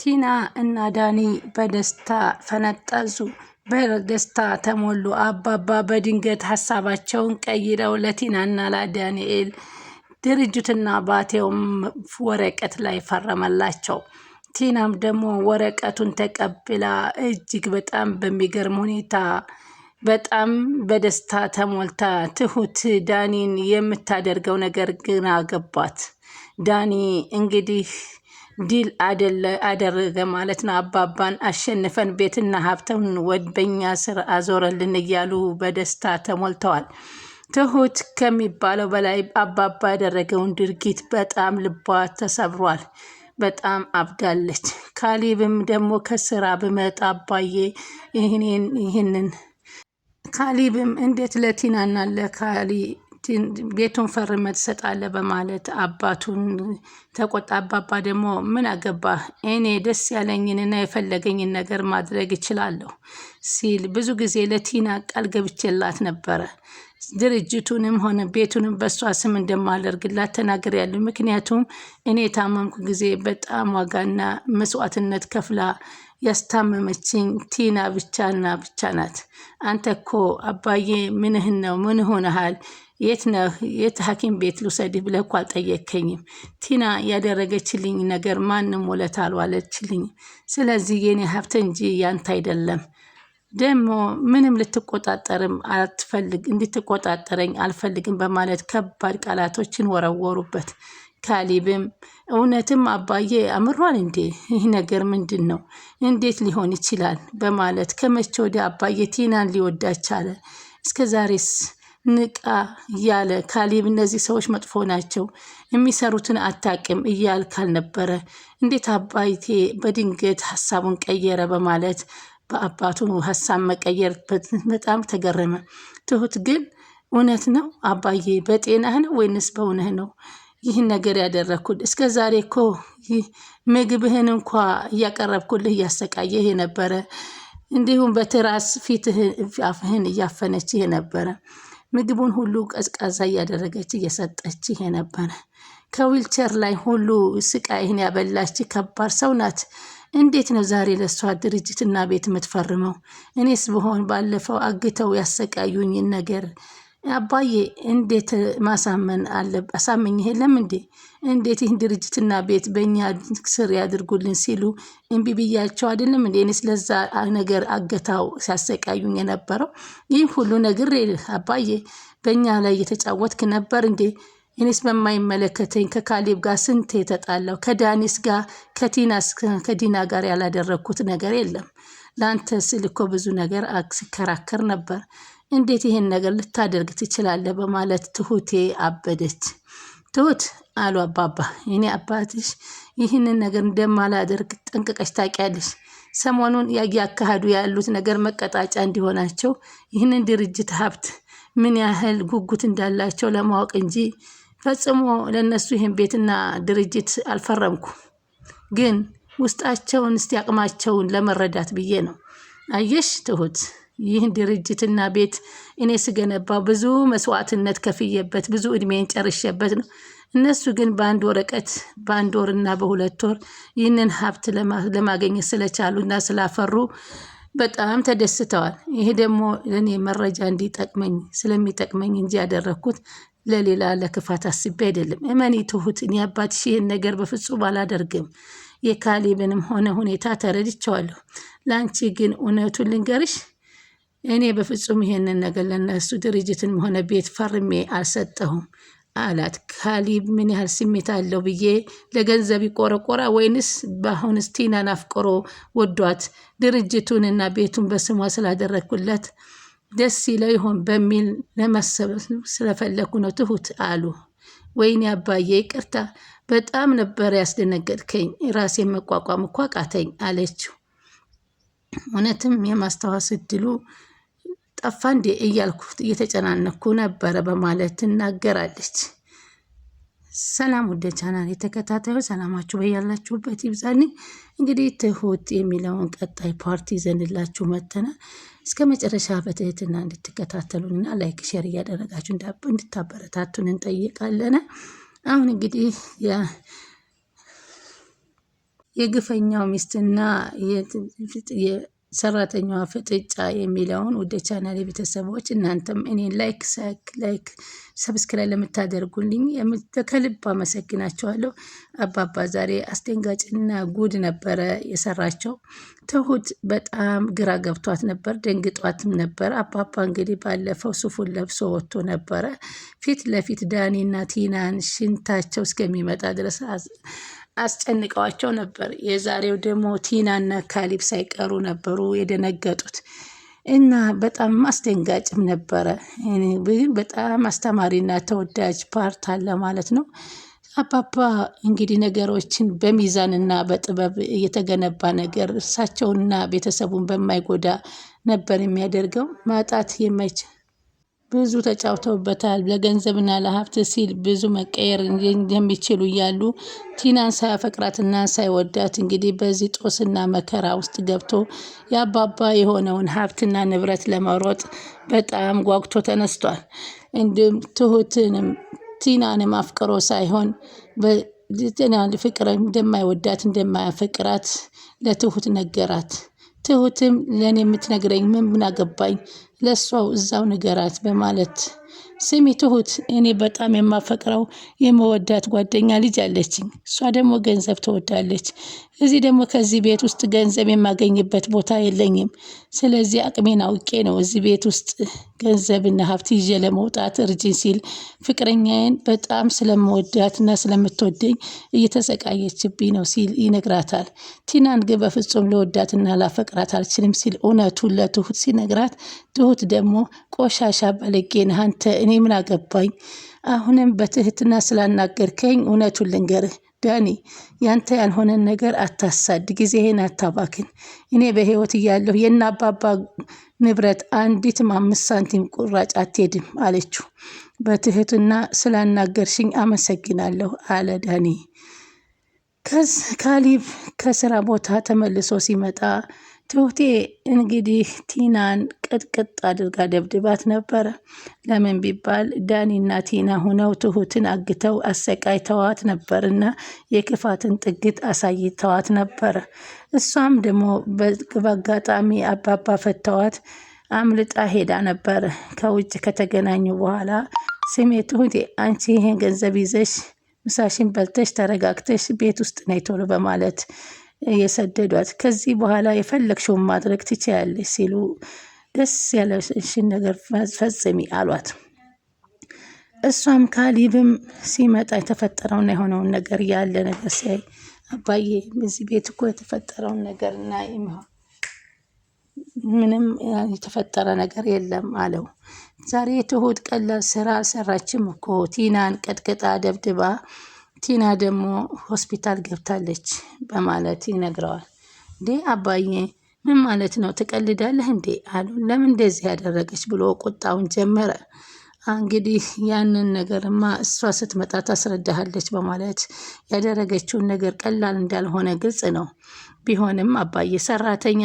ቲና እና ዳኒ በደስታ ፈነጠዙ። በደስታ ተሞሉ። አባባ በድንገት ሀሳባቸውን ቀይረው እና ለዳንኤል ድርጅትና ባቴውም ወረቀት ላይ ፈረመላቸው። ቲናም ደግሞ ወረቀቱን ተቀብላ እጅግ በጣም በሚገርም ሁኔታ በጣም በደስታ ተሞልታ ትሁት ዳኒን የምታደርገው ነገር ግን ገባት። ዳኒ እንግዲህ ድል አደረገ ማለት ነው። አባባን አሸንፈን ቤትና ሀብተን ወደ በኛ ስር አዞረልን እያሉ በደስታ ተሞልተዋል። ትሁት ከሚባለው በላይ አባባ ያደረገውን ድርጊት በጣም ልቧ ተሰብሯል። በጣም አብዳለች። ካሊብም ደግሞ ከስራ ብመጣ አባዬ ይህንን ካሊብም እንዴት ለቲናና ለካሊ ቤቱን ፈርመ ትሰጣለ በማለት አባቱን ተቆጣ። አባባ ደግሞ ምን አገባ እኔ ደስ ያለኝንና የፈለገኝን ነገር ማድረግ እችላለሁ ሲል ብዙ ጊዜ ለቲና ቃል ገብቼላት ነበረ። ድርጅቱንም ሆነ ቤቱንም በእሷ ስም እንደማደርግላት ተናግሬያለሁ። ምክንያቱም እኔ የታመምኩ ጊዜ በጣም ዋጋና መስዋዕትነት ከፍላ ያስታመመችኝ ቲና ብቻ ብቻ ናት። አንተ እኮ አባዬ ምንህን ነው? ምን ሆነሃል? የት ነህ? የት ሐኪም ቤት ልውሰድህ ብለህ እኮ አልጠየከኝም። ቲና ያደረገችልኝ ነገር ማንም ውለት አልዋለችልኝም። ስለዚህ የኔ ሀብት እንጂ ያንተ አይደለም። ደግሞ ምንም ልትቆጣጠርም አትፈልግ እንድትቆጣጠረኝ አልፈልግም በማለት ከባድ ቃላቶችን ወረወሩበት። ካሊብም እውነትም አባዬ አምሯል እንዴ? ይህ ነገር ምንድን ነው? እንዴት ሊሆን ይችላል? በማለት ከመቼ ወዲያ አባዬ ቲናን ሊወዳ ቻለ? እስከ ዛሬስ ንቃ እያለ ካሊብ እነዚህ ሰዎች መጥፎ ናቸው፣ የሚሰሩትን አታቅም እያል ካልነበረ እንዴት አባይቴ በድንገት ሀሳቡን ቀየረ? በማለት በአባቱ ሀሳብ መቀየር በጣም ተገረመ። ትሁት ግን እውነት ነው አባዬ፣ በጤናህ ነው ወይንስ በእውነህ ነው ይህን ነገር ያደረግኩት እስከ ዛሬ እኮ ምግብህን እንኳ እያቀረብኩልህ እያሰቃየህ የነበረ እንዲሁም በትራስ ፊትህን አፍህን እያፈነችህ የነበረ ምግቡን ሁሉ ቀዝቃዛ እያደረገች እየሰጠችህ የነበረ ከዊልቸር ላይ ሁሉ ስቃይህን ያበላች ከባድ ሰው ናት። እንዴት ነው ዛሬ ለእሷ ድርጅትና ቤት የምትፈርመው? እኔስ ብሆን ባለፈው አግተው ያሰቃዩኝን ነገር አባዬ እንዴት ማሳመን አለብ አሳመኝ የለም እንዴ እንዴት ይህን ድርጅትና ቤት በእኛ ስር ያድርጉልን ሲሉ እምቢ ብያቸው አይደለም እንዴ እኔ ስለዛ ነገር አገታው ሲያሰቃዩኝ የነበረው ይህ ሁሉ ነገር አባዬ በእኛ ላይ እየተጫወትክ ነበር እንዴ እኔስ በማይመለከተኝ ከካሌብ ጋር ስንት የተጣላው ከዳኒስ ጋር ከቲናስ ከዲና ጋር ያላደረግኩት ነገር የለም ለአንተ ስል እኮ ብዙ ነገር ሲከራከር ነበር። እንዴት ይህን ነገር ልታደርግ ትችላለህ? በማለት ትሁቴ አበደች። ትሁት አሉ አባባ፣ እኔ አባትሽ ይህንን ነገር እንደማላደርግ ጠንቅቀሽ ታውቂያለሽ። ሰሞኑን እያካሄዱ ያሉት ነገር መቀጣጫ እንዲሆናቸው ይህንን ድርጅት ሀብት ምን ያህል ጉጉት እንዳላቸው ለማወቅ እንጂ ፈጽሞ ለእነሱ ይህን ቤትና ድርጅት አልፈረምኩ ግን ውስጣቸውን እስቲ አቅማቸውን ለመረዳት ብዬ ነው። አየሽ ትሁት ይህን ድርጅትና ቤት እኔ ስገነባ ብዙ መስዋዕትነት ከፍየበት ብዙ እድሜን ጨርሸበት ነው። እነሱ ግን በአንድ ወረቀት በአንድ ወርና በሁለት ወር ይህንን ሀብት ለማገኘት ስለቻሉና ስላፈሩ በጣም ተደስተዋል። ይሄ ደግሞ ለእኔ መረጃ እንዲጠቅመኝ ስለሚጠቅመኝ እንጂ ያደረግኩት ለሌላ ለክፋት አስቤ አይደለም። እመኒ ትሁት፣ እኔ አባትሽ ይህን ነገር በፍጹም አላደርግም። የካሌብንም ሆነ ሁኔታ ተረድቸዋለሁ ለአንቺ ግን እውነቱን ልንገርሽ፣ እኔ በፍጹም ይሄንን ነገር ለነሱ ድርጅትንም ሆነ ቤት ፈርሜ አልሰጠሁም አላት። ካሊ ምን ያህል ስሜት አለው ብዬ ለገንዘብ ይቆረቆራ ወይንስ በአሁንስ ቲናን አፍቅሮ ወዷት ድርጅቱንና ቤቱን በስሟ ስላደረግኩለት ደስ ይለው ይሆን በሚል ለመሰብ ስለፈለግኩ ነው ትሁት አሉ። ወይኔ አባዬ ይቅርታ፣ በጣም ነበር ያስደነገጥከኝ፣ ራሴን መቋቋም እኮ አቃተኝ አለችው። እውነትም የማስታወስ እድሉ ጠፋ እንዴ እያልኩ እየተጨናነኩ ነበረ በማለት ትናገራለች። ሰላም ወደ ቻናል የተከታታዩ ሰላማችሁ በያላችሁበት ይብዛልኝ። እንግዲህ ትሁት የሚለውን ቀጣይ ፓርቲ ይዘንላችሁ መተናል። እስከ መጨረሻ በትህትና እንድትከታተሉንና ላይክ፣ ሼር እያደረጋችሁ እንድታበረታቱን እንጠይቃለን። አሁን እንግዲህ የግፈኛው ሚስትና ሰራተኛዋ ፍጥጫ የሚለውን ወደ ቻናል የቤተሰቦች እናንተም እኔ ላይክ ላይክ ሰብስክራይብ ለምታደርጉልኝ ከልብ አመሰግናቸዋለሁ። አባባ ዛሬ አስደንጋጭና ጉድ ነበረ የሰራቸው። ትሁት በጣም ግራ ገብቷት ነበር፣ ደንግጧትም ነበር። አባባ እንግዲህ ባለፈው ሱፉን ለብሶ ወጥቶ ነበረ። ፊት ለፊት ዳኒና ቲናን ሽንታቸው እስከሚመጣ ድረስ አስጨንቀዋቸው ነበር። የዛሬው ደግሞ ቲናና ካሊብ ሳይቀሩ ነበሩ የደነገጡት እና በጣም አስደንጋጭም ነበረ። በጣም አስተማሪና ተወዳጅ ፓርት አለ ማለት ነው። አባባ እንግዲህ ነገሮችን በሚዛንና በጥበብ የተገነባ ነገር እሳቸውና ቤተሰቡን በማይጎዳ ነበር የሚያደርገው ማጣት የማይችል ብዙ ተጫውተውበታል። ለገንዘብና ለሀብት ሲል ብዙ መቀየር የሚችሉ እያሉ ቲናን ሳያፈቅራትና ሳይወዳት እንግዲህ በዚህ ጦስና መከራ ውስጥ ገብቶ የአባባ የሆነውን ሀብትና ንብረት ለመሮጥ በጣም ጓጉቶ ተነስቷል። እንዲሁም ትሁትንም ቲናንም አፍቅሮ ሳይሆን ቲናን ፍቅር እንደማይወዳት እንደማያፈቅራት ለትሁት ነገራት። ትሁትም ለእኔ የምትነግረኝ ምን ምን አገባኝ ለእሷው እዛው ንገራት በማለት ስሚ ትሁት፣ እኔ በጣም የማፈቅረው የመወዳት ጓደኛ ልጅ አለችኝ። እሷ ደግሞ ገንዘብ ትወዳለች። እዚህ ደግሞ ከዚህ ቤት ውስጥ ገንዘብ የማገኝበት ቦታ የለኝም። ስለዚህ አቅሜን አውቄ ነው እዚህ ቤት ውስጥ ገንዘብና ሀብት ይዤ ለመውጣት እርጅን ሲል ፍቅረኛዬን በጣም ስለመወዳትና ስለምትወደኝ እየተሰቃየችብኝ ነው ሲል ይነግራታል። ቲናን ግን በፍጹም ልወዳትና ላፈቅራት አልችልም ሲል እውነቱን ለትሁት ሲነግራት ትሁት ደግሞ ቆሻሻ ባለጌ ነህ አንተ አንተ እኔ ምን አገባኝ? አሁንም በትህትና ስላናገርከኝ እውነቱን ልንገርህ ዳኒ ያንተ ያልሆነን ነገር አታሳድ፣ ጊዜህን አታባክን። እኔ በህይወት እያለሁ የእነ አባባ ንብረት አንዲትም አምስት ሳንቲም ቁራጭ አትሄድም አለችው። በትህትና ስላናገርሽኝ አመሰግናለሁ አለ ዳኒ። ካሊብ ከስራ ቦታ ተመልሶ ሲመጣ ትሁቴ እንግዲህ ቲናን ቅጥቅጥ አድርጋ ደብድባት ነበረ። ለምን ቢባል ዳኒና ቲና ሆነው ትሁትን አግተው አሰቃይተዋት ነበርና የክፋትን ጥግት አሳይተዋት ነበረ። እሷም ደግሞ በአጋጣሚ አባባ ፈተዋት አምልጣ ሄዳ ነበር። ከውጭ ከተገናኙ በኋላ ስሜ ትሁቴ አንቺ ይሄን ገንዘብ ይዘሽ ምሳሽን በልተሽ ተረጋግተሽ ቤት ውስጥ ነይ ቶሎ በማለት የሰደዷት። ከዚህ በኋላ የፈለግሽውን ማድረግ ትችያለሽ ሲሉ ደስ ያለሽን ነገር ፈጽሚ አሏት። እሷም ካሊብም ሲመጣ የተፈጠረውና የሆነውን ነገር ያለ ነገር ሲያይ አባዬ በዚህ ቤት እኮ የተፈጠረውን ነገር እና ምንም የተፈጠረ ነገር የለም አለው። ዛሬ ትሁት ቀላል ስራ አልሰራችም እኮ ቲናን ቀጥቅጣ ደብድባ ቲና ደግሞ ሆስፒታል ገብታለች በማለት ይነግረዋል። እንዴ አባዬ ምን ማለት ነው? ትቀልዳለህ እንዴ አሉ። ለምን እንደዚህ ያደረገች ብሎ ቁጣውን ጀመረ። እንግዲህ ያንን ነገርማ እሷ ስትመጣ ታስረዳሃለች በማለት ያደረገችውን ነገር ቀላል እንዳልሆነ ግልጽ ነው። ቢሆንም አባዬ ሰራተኛ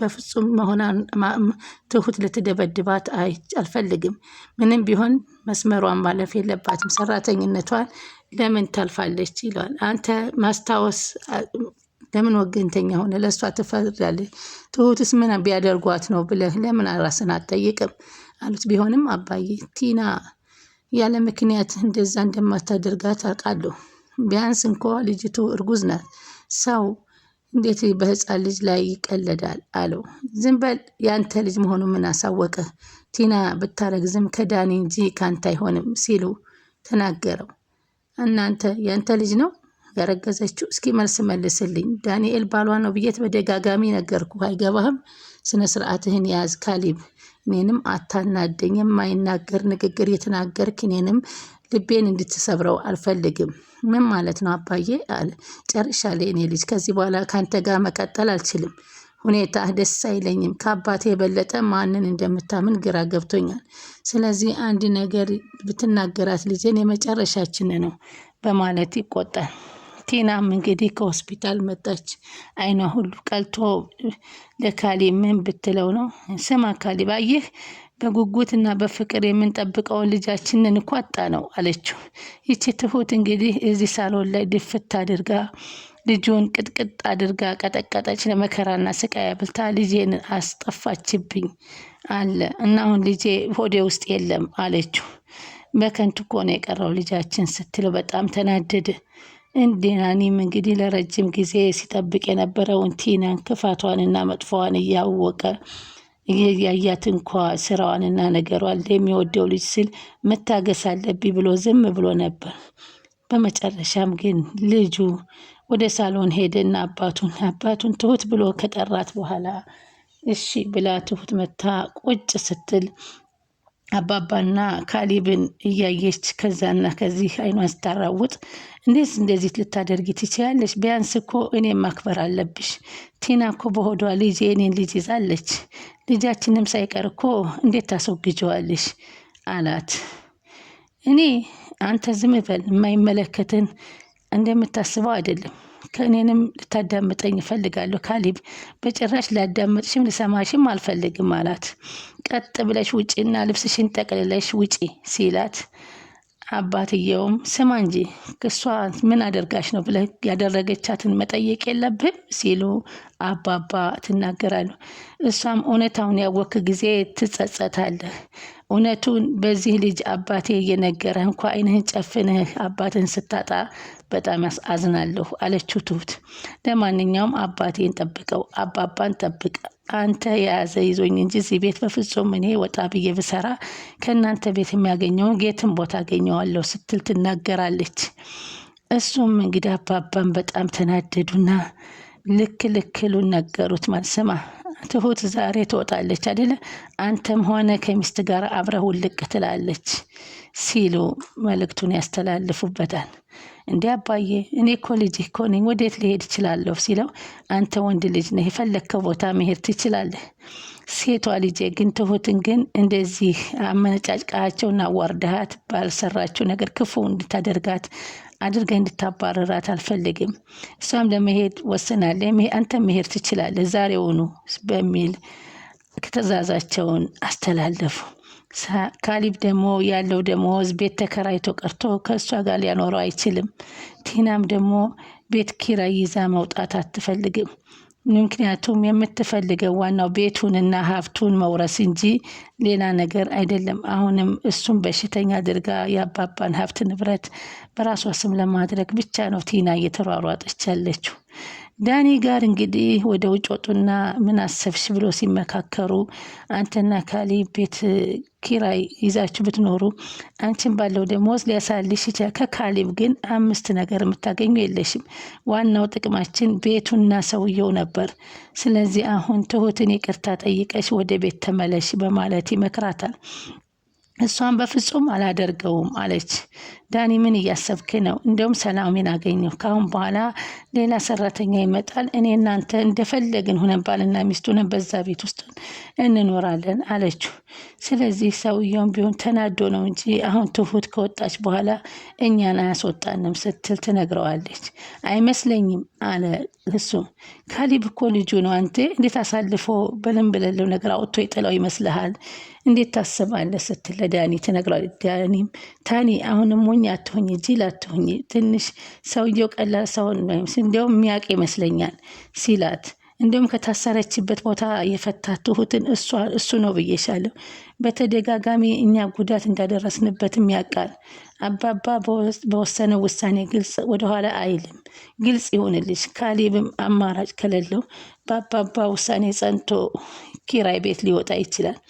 በፍጹም መሆና ትሁት ልትደበድባት አልፈልግም። ምንም ቢሆን መስመሯን ማለፍ የለባትም። ሰራተኝነቷን ለምን ታልፋለች ይለዋል። አንተ ማስታወስ ለምን ወገንተኛ ሆነ? ለእሷ ትፈርዳለች። ትሁትስ ምን ቢያደርጓት ነው ብለህ ለምን ራስን አትጠይቅም? አሉት። ቢሆንም አባዬ ቲና ያለ ምክንያት እንደዛ እንደማታደርጋት አውቃለሁ። ቢያንስ እንኳ ልጅቱ እርጉዝ ናት። ሰው እንዴት በህፃን ልጅ ላይ ይቀለዳል? አለው። ዝም በል ያንተ ልጅ መሆኑ ምን አሳወቀ? ቲና ብታረግዝም ከዳኒ እንጂ ከአንተ አይሆንም ሲሉ ተናገረው። እናንተ ያንተ ልጅ ነው ያረገዘችው? እስኪ መልስ መልስልኝ። ዳንኤል ባሏ ነው ብዬት በደጋጋሚ ነገርኩ። አይገባህም? ስነ ስርዓትህን ያዝ ካሊብ እኔንም አታናደኝ። የማይናገር ንግግር የተናገርክ እኔንም ልቤን እንድትሰብረው አልፈልግም። ምን ማለት ነው አባዬ? አለ ጨርሻለሁ። እኔ ልጅ ከዚህ በኋላ ከአንተ ጋር መቀጠል አልችልም። ሁኔታ ደስ አይለኝም። ከአባቴ የበለጠ ማንን እንደምታምን ግራ ገብቶኛል። ስለዚህ አንድ ነገር ብትናገራት ልጄን የመጨረሻችን ነው በማለት ይቆጣል። ቲናም እንግዲህ ከሆስፒታል መጣች። አይኗ ሁሉ ቀልቶ ለካሊ ምን ብትለው ነው? ስማ ካሌ፣ ባየህ እና በፍቅር የምንጠብቀውን ልጃችንን እኮ አጣ ነው አለችው። ይቺ ትሁት እንግዲህ እዚህ ሳሎን ላይ ድፍት አድርጋ ልጁን ቅጥቅጥ አድርጋ ቀጠቀጠች። ለመከራና ስቃይ አብልታ ልጄን አስጠፋችብኝ አለ እና አሁን ልጄ ሆዴ ውስጥ የለም አለችው። በከንቱ እኮ ነው የቀረው ልጃችን ስትለው በጣም ተናደደ። እንዲናኒም እንግዲህ ለረጅም ጊዜ ሲጠብቅ የነበረውን ቲናን ክፋቷንና መጥፎዋን እያወቀ እያያት እንኳ ስራዋንና ነገሯን የሚወደው ልጅ ስል መታገስ አለብኝ ብሎ ዝም ብሎ ነበር። በመጨረሻም ግን ልጁ ወደ ሳሎን ሄደና አባቱን አባቱን ትሁት ብሎ ከጠራት በኋላ እሺ ብላ ትሁት መታ ቁጭ ስትል አባባና ካሊብን እያየች ከዛና ከዚህ አይኗን ስታራውጥ እንዴት እንደዚህ ልታደርጊ ትችያለሽ? ቢያንስ እኮ እኔም ማክበር አለብሽ። ቲና እኮ በሆዷ ልጅ የእኔን ልጅ ይዛለች። ልጃችንም ሳይቀር እኮ እንዴት ታስወግጀዋለሽ? አላት። እኔ አንተ ዝም በል የማይመለከትን እንደምታስበው አይደለም። ከእኔንም ልታዳምጠኝ እፈልጋለሁ ካሊብ። በጭራሽ ላዳምጥሽም ልሰማሽም አልፈልግም አላት። ቀጥ ብለሽ ውጪና ልብስሽን ጠቅልለሽ ውጪ ሲላት አባትየውም ስማ እንጂ ክሷ ምን አደርጋሽ ነው ብለ ያደረገቻትን መጠየቅ የለብህም ሲሉ አባባ ትናገራሉ። እሷም እውነታውን ያወክ ጊዜ ትጸጸታለህ። እውነቱን በዚህ ልጅ አባቴ እየነገረህ እንኳ አይንህን ጨፍንህ አባትን ስታጣ በጣም አዝናለሁ አለችው ትሁት። ለማንኛውም አባቴን ጠብቀው፣ አባባን ጠብቅ አንተ የያዘ ይዞኝ እንጂ እዚህ ቤት በፍጹም እኔ ወጣ ብዬ ብሰራ ከእናንተ ቤት የሚያገኘውን ጌትን ቦታ አገኘዋለሁ ስትል ትናገራለች። እሱም እንግዲህ አባባን በጣም ተናደዱና ልክ ልክሉን ነገሩት። ስማ ትሁት ዛሬ ትወጣለች አደለ? አንተም ሆነ ከሚስት ጋር አብረህ ውልቅ ትላለች ሲሉ መልእክቱን ያስተላልፉበታል። እንዲ አባዬ እኔ እኮ ልጅ እኮ ነኝ ወዴት ሊሄድ እችላለሁ? ሲለው አንተ ወንድ ልጅ ነህ የፈለግከው ቦታ መሄድ ትችላለህ። ሴቷ ልጄ ግን ትሁትን ግን እንደዚህ አመነጫጭቃቸውና ዋርዳሃት ባልሰራችው ነገር ክፉ እንድታደርጋት አድርገህ እንድታባረራት አልፈልግም። እሷም ለመሄድ ወስናለ። አንተ መሄድ ትችላለህ ዛሬውኑ በሚል ትዕዛዛቸውን አስተላለፉ። ካሊብ ደግሞ ያለው ደሞዝ ቤት ተከራይቶ ቀርቶ ከእሷ ጋር ሊያኖረው አይችልም። ቲናም ደግሞ ቤት ኪራይ ይዛ መውጣት አትፈልግም። ምክንያቱም የምትፈልገው ዋናው ቤቱንና ሀብቱን መውረስ እንጂ ሌላ ነገር አይደለም። አሁንም እሱም በሽተኛ አድርጋ የአባባን ሀብት ንብረት በራሷ ስም ለማድረግ ብቻ ነው ቲና እየተሯሯጠች ያለችው። ዳኒ ጋር እንግዲህ ወደ ውጭ ወጡና ምን አሰብሽ ብሎ ሲመካከሩ አንተና ካሊ ቤት ኪራይ ይዛችሁ ብትኖሩ አንቺን ባለው ደሞዝ ሊያሳልሽ ይችላል። ከካሊብ ግን አምስት ነገር የምታገኙ የለሽም። ዋናው ጥቅማችን ቤቱና ሰውየው ነበር። ስለዚህ አሁን ትሁትን ይቅርታ ጠይቀሽ ወደ ቤት ተመለሽ በማለት ይመክራታል። እሷን በፍጹም አላደርገውም አለች። ዳኒ ምን እያሰብክ ነው? እንደውም ሰላሜን አገኘሁ። ካሁን በኋላ ሌላ ሰራተኛ ይመጣል። እኔ እናንተ እንደፈለግን ሁነን ባልና ሚስት ሆነን በዛ ቤት ውስጥ እንኖራለን አለችው። ስለዚህ ሰውየውም ቢሆን ተናዶ ነው እንጂ አሁን ትሁት ከወጣች በኋላ እኛን አያስወጣንም ስትል ትነግረዋለች። አይመስለኝም አለ እሱ። ካሊብ እኮ ልጁ ነው። አንተ እንዴት አሳልፎ በልንብለለው ነገር አውጥቶ ይጥለው ይመስልሃል? እንዴት ታስባለህ ስትል ለዳኒ ትነግሯል። ዳኒም ታኒ አሁንም ሞኝ አትሆኝ፣ ጅል አትሆኝ፣ ትንሽ ሰውየው ቀላል ሰውን ወይም እንዲያውም የሚያውቅ ይመስለኛል ሲላት እንዲሁም ከታሰረችበት ቦታ የፈታት ትሁትን እሱ ነው ብዬሻለሁ። በተደጋጋሚ እኛ ጉዳት እንዳደረስንበትም ያውቃል። አባባ በወሰነ ውሳኔ ግልጽ ወደኋላ አይልም። ግልጽ ይሆንልሽ። ካሌብም አማራጭ ከሌለው በአባባ ውሳኔ ጸንቶ ኪራይ ቤት ሊወጣ ይችላል።